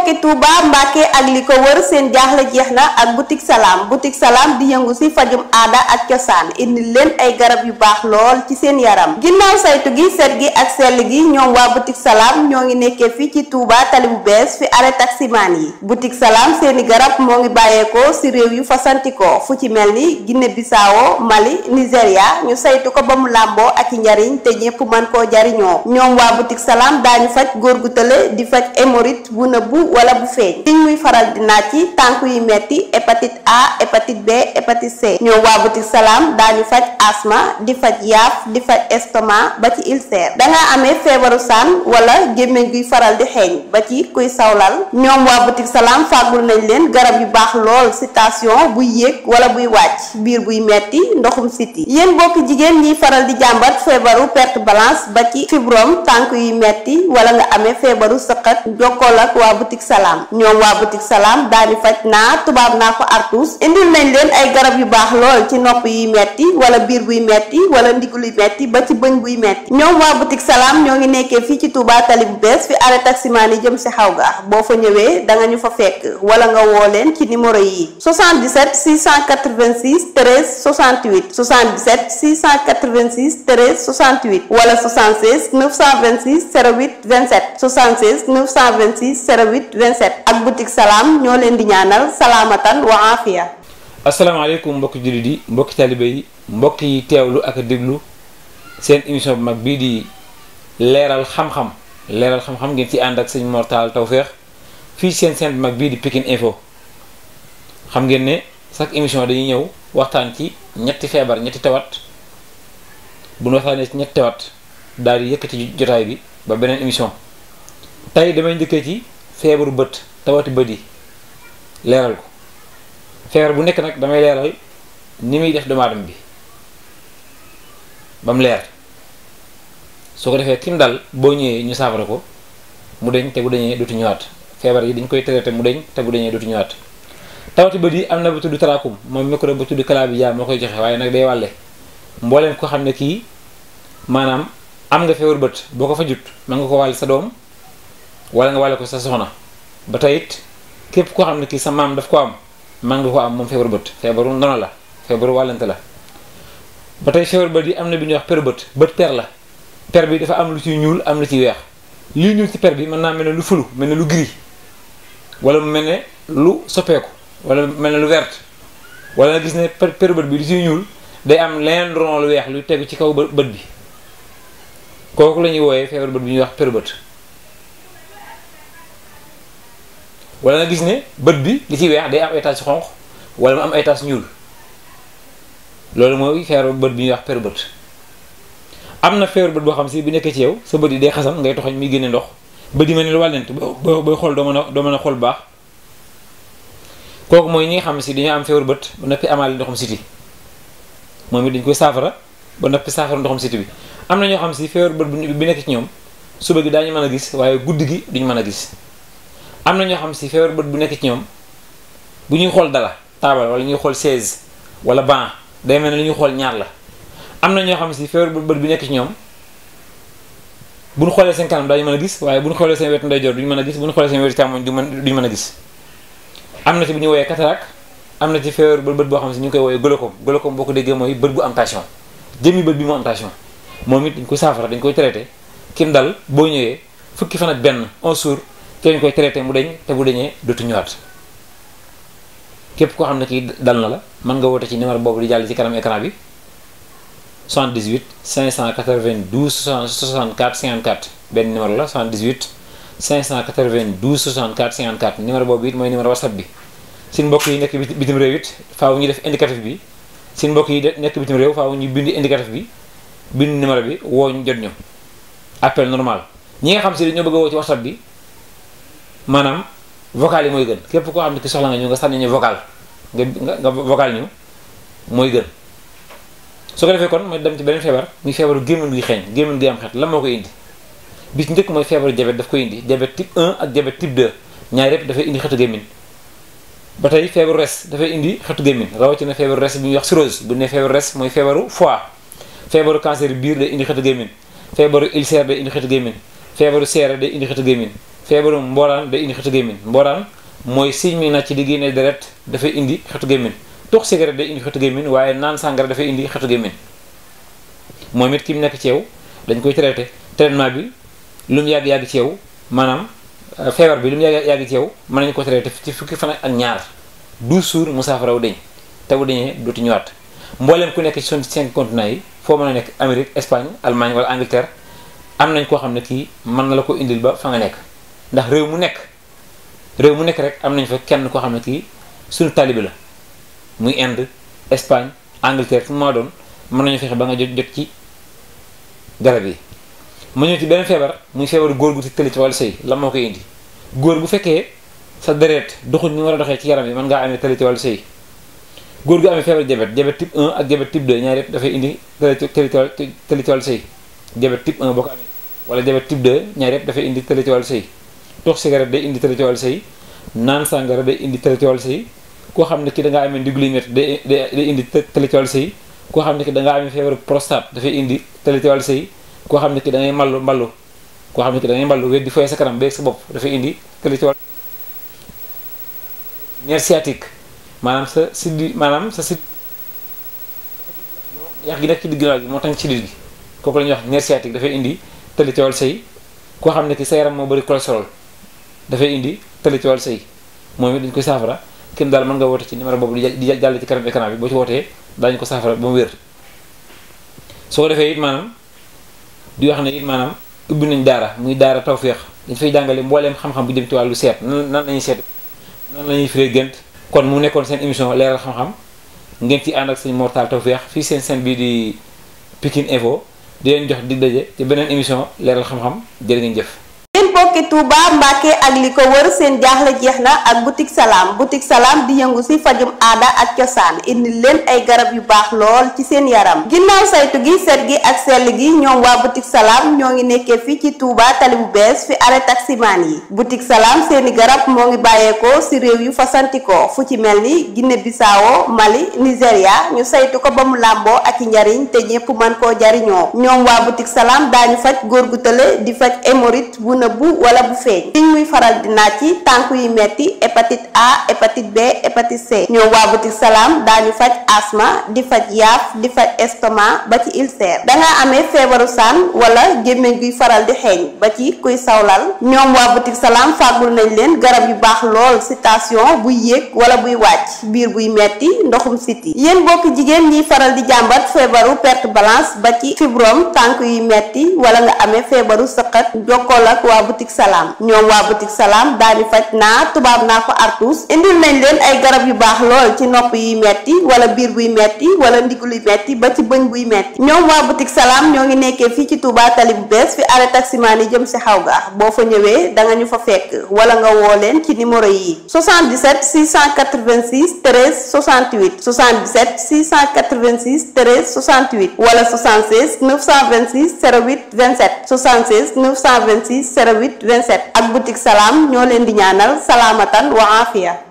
mbokki Touba mbake ak liko wër seen Salam jeexna ak boutique salam boutique salam di yëngu ci fajum ada ak cosaan indi leen ay garab yu bax lool ci seen yaram ginnaw saytu gi set gi ak sel gi ñom wa boutique salam ñoo nekké fi ci Touba tali bu fi arrêt man yi boutique salam seeni garab mo ngi ko ci réew yu ko fu ci melni Guinée Mali Nigeria ñu saytu ko bamu lambo ak ñariñ te ñepp man ko jariño ñom wa boutique salam dañu fajj gor gu tele di fajj bu na bu wala bu feeñ liñ muy faral di naaj ci tànk yu metti hépatite A hépatite B hépatite C ñoom waa boutique salaam daañu faj asma di faj yaaf di faj estomac ba ci ulcère danga amee feebaru saan wala gémmiñ guy faral di xeeñ ba ci kuy sawlal ñoom waa boutique salaam fàggul nañ leen garab yu baax lool ci tension buy yéeg wala buy wàcc biir buy metti ndoxum siti yéen bokk jigéen ñiy faral di jàmbat feebaru perte balance ba ci fibrom tànk yu metti wala nga amee feebaru sëqat jokkool boutique salam ñom wa boutique salam dani faj naa tubaab naa ko artus indil nañ leen ay garab yu bax lol ci nopp yi metti wala biir buy metti wala ndiguluy metti ba ci bëñ buy metti ñom wa boutique salam ñoo ngi nekké fi ci Touba tali bu bees fi arrêt taxi mani jëm ci xawga bo fa ñëwé da nga ñu fa fekk wala nga wo leen ci numéro yi 77 686 13 68 77 686 13 68 wala 76 926 08 27 76 926 08 27 ak boutique salaam ñoo leen di ñaanal salaamatan wa aafiya asalaamaaleykum mbokki jullit yi mbokki talibe yi mbokk yi teewlu ak déglu seen émission bu mag bii di leeral xam-xam leeral xam-xam ngeen ci ànd ak sëñ Mortal Tawféex fii seen seen bu mag bii di Pikine Info xam ngeen ne chaque émission dañuy ñëw waxtaan ci ñetti feebar ñetti tawat bu ñu waxtaanee ci ñetti tawat daal di yëkkati jotaay bi ba beneen émission tey damay njëkkee ci feebaru bët tawati bët yi leeral ko feebar bu nekk nag damay leeral ni muy def doomu bi ba mu leer soo ko defee kim dal boo ñëwee ñu saafara ko mu deñ te bu dañee dootu ñëwaat feebar yi dañ koy traité mu deñ te bu dañee dootu ñëwaat tawati bët yi am na bu tudd taraakum moom microbe bu tudd jaar moo koy joxe waaye nag day wàlle mbooleen ko xam ne kii maanaam am nga feebaru bët boo ko fa jut mën nga ko wàll sa doom wala nga wàlle ko sa soxna ba tey képp koo xam ne kii sa maam daf ko am man nga ko am moom feebar bët feebaru ndono la feebaru wàllante la ba tey feebar bët yi am na bi ñuy wax per bët bët per la per bi dafa am lu ci ñuul am lu ci weex lii ñuul per bi mën naa mel ne lu fulu mel ne lu gris wala mu mel ne lu soppeeku wala mel ne lu vert wala nga gis ne per bët bi lu ci ñuul day am leneen ron lu weex luy tegu ci kaw bët bi kooku la ñuy wooyee feebar bët bi ñuy wax per bët wala nga gis ne bët bi li ci weex day am ay taches xonq wala mu am ay ñuul loolu mooy feebaru bët bi ñuy wax peeru bët am na feebaru bët boo xam si bu nekkee ci yow sa bët yi day xasan ngay toxañ muy génne ndox bët yi mel ne lu wàllent boo booy xool doo mën a doo mën a xool baax kooku mooy ñi nga xam si dañu am feebaru bët ba noppi amaale ndoxum siti moom it dañ koy saafara ba noppi saafara ndoxum siti bi am na ñoo xam si feebaru bët bi nekk ci ñoom suba gi daañu mën a gis waaye guddi gi duñu mën a gis am na ñoo xam si feebar bët bu nekk ci ñoom bu ñuy xool dala taabal wala ñuy xool chaise wala banc day mel ne li ñuy xool ñaar la am na ñoo xam si feebar bët bu nekk ci ñoom bu ñu xoolee seen kanam daañu mën a gis waaye bu ñu xoolee seen wetu ndeyjoor duñu mën a gis bu ñu xoolee seen a gis am na si bu ñuy woowee cataracte am na ci feebar bët boo xam si ñu ngi koy woowee glaucome glaucome boo ko déggee mooy bët bu am tension jëmmi bët bi mu am tension moom it dañ ko saafara dañ koy traité kim dal boo ñëwee fukki fan benn un jour ci koy traité mu deñ te bu deñee dootu ñëwaat képp ko xamné ki dal na la man nga woté ci numéro bobu di jall ci kanam écran bi 78 592 64 54 ben numéro la 78 592 64 54 numéro boobu it mooy numéro whatsapp bi seen mbokk yi nekk bitim réew it faaw ñu def indicatif bi seen mbokk yi nekk bitim réew faaw ñu bind indicatif bi bind numéro bi woo jot ñu appel normal ñi nga xam si dañoo bëgg a ci whatsapp bi maanaam vocal yi mooy gën képp koo xam ne ki soxla nga ñu nga sànni ñu vocal nga nga vocal ñu mooy gën su ko defee kon mooy dem ci beneen feebar muy feebaru gémmiñ gi xeeñ gémmiñ gi am xet la moo ko indi bis njëkk mooy feebaru diabète daf koy indi diabète ak diabète type 2 ñaar yëpp dafay indi xetu gémmiñ ba tey feebaru res dafay indi xetu gémmiñ rawatina feebaru res bi ñuy wax cirrhose bu ne res mooy feebaru foie feebaru cancer biir day indi xetu gémmiñ feebaru ulcère day indi xetu gémmiñ feebaru seere day indi xetu feebaru mbooraan day indi xetu gémmiñ mbooraan mooy siñ mi na ci di génne deret dafay indi xetu gémmiñ tux cigarette day indi waaye naan sàngara dafay indi xetu gémmiñ it ki mu nekk ci yow dañ koy traité traitement bi lu mu yàgg-yàgg ci maanaam euh, feebar bi lu mu yàgg-yàgg ci yow mën nañu ko traité ci fukki fan ak ñaar du jours mu saafara wu deñ te wu deñee dootu ñëwaat mbooleem ku nekk ci son cinq continents yi foo mën a nekk Amérique Espagne Allemagne wala Angleterre am nañ koo xam ne kii mën na la ko indil ba fa nga nekk ndax réew mu nekk réew mu nekk rek am nañ fa kenn koo xam ne kii suñu taalibe la muy Inde Espagne Angleterre fu ma doon mën nañu fexe ba nga jot jot ci garab yi. ma ñëw ci benn feebar muy feebaru góor gu ci tëli ci wàllu sëy la moo ko indi góor bu fekkee sa deret doxuñ ni war a doxee ci yaram yi mën ngaa amee tëli ci wàllu sëy góor gu amee feebar diabète diabète type 1 ak diabète type de ñaar yëpp dafay indi tëli ci wàllu sëy diabète type boo ko amee wala diabète type 2 ñaar yëpp indi tëli ci wàllu sëy tox cigarette day indi traité wàllu say naan sàngara day indi traité wàllu say koo xam ne ki da ngaa amee ndiglu métti day day indi traité wàllu say koo xam ne ki da amee feebaru prostate dafay indi traité wàllu say koo xam ne ki da ngay mballu mballu koo xam ne ki da ngay mballu weddi fooy sa kanam beeg sa bopp dafay indi traité wàllu nerf sciatique maanaam sa siddi maanaam sa siddi yax gi nekk ci digg bi moo tax ci siddi gi kooku la ñuy wax nerf sciatique dafay indi traité wàllu say koo xam ne ki sa yaram moo bëri cholestérol dafay indi tële ci wàllu sëy moom it dañ koy saafara kenn daal mën nga woote ci numéro boobu di jàll ci kanam écran bi boo ci wootee daañu ko saafara ba mu wér soo ko defee it maanaam di wax ne it maanaam ubbi nañ daara muy daara tawféex dañ fay jàngale mbooleem xam-xam bu jëm ci wàllu seet nan nan lañuy seet nan la ñuy firee gént kon mu nekkoon seen émission leeral xam-xam ngeen ànd ak seen mortal tawféex fii seen seen bii di Pikine Info di leen jox di daje ci beneen émission leeral xam-xam jërë ngeen ci Touba mbake ak liko wër seen jaxla jeexna ak boutique salam boutique salam di yëngu ci fajum ada ak cosaan indi leen ay garab yu bax lool ci seen yaram ginnaw saytu gi set gi ak sel gi ñom wa boutique salam ñoo nekké fi ci Touba tali bu bes fi arrêt man yi boutique salam seen garab mo ngi ko si rew yu fasantiko fu ci melni ni Bissau Mali Nigeria ñu saytu ko bamu lambo ak ñariñ te ñepp man ko jariño ñom wa boutique salam dañu fajj góor gu di fajj hémorite bu bu wala bu feeñ siñ muy faral di naaj yi tànk yu metti hépatite A hépatite B hépatite C ñoom waa butik salaam daañu faj asma di faj yaaf di faj estomac ba ci ulcère danga amee feebaru saan wala gémmiñ guy faral di xeeñ ba ci kuy sawlal ñoom waa butik salaam fàggul nañ leen garab yu baax lool ci buy yéeg wala buy wàcc biir buy metti ndoxum siti yéen bokk jigéen ñiy faral di jàmbat feebaru perte balance ba ci fibrom tànk yu metti wala nga amee feebaru sëqat boutique salam ñom wa boutique salam daani fatna tubab na ko artus indil nañ len ay garab yu bax lol ci nopp yi metti wala biir buy metti wala ndiguluy metti ba ci bëñ buy metti ñom wa boutique salam ñoo ngi nekké fi ci Touba tali bu bees fi arrêt taxi mani jëm ci xawga bo fa ñëwé da nga ñu fa fekk wala nga wo len ci numéro yi 77 686 13 68 77 686 13 68 wala 76 926 08 27 76 926 08 28 27 ak boutique salaam ñoo leen di ñaanal salaamatan wa aafiya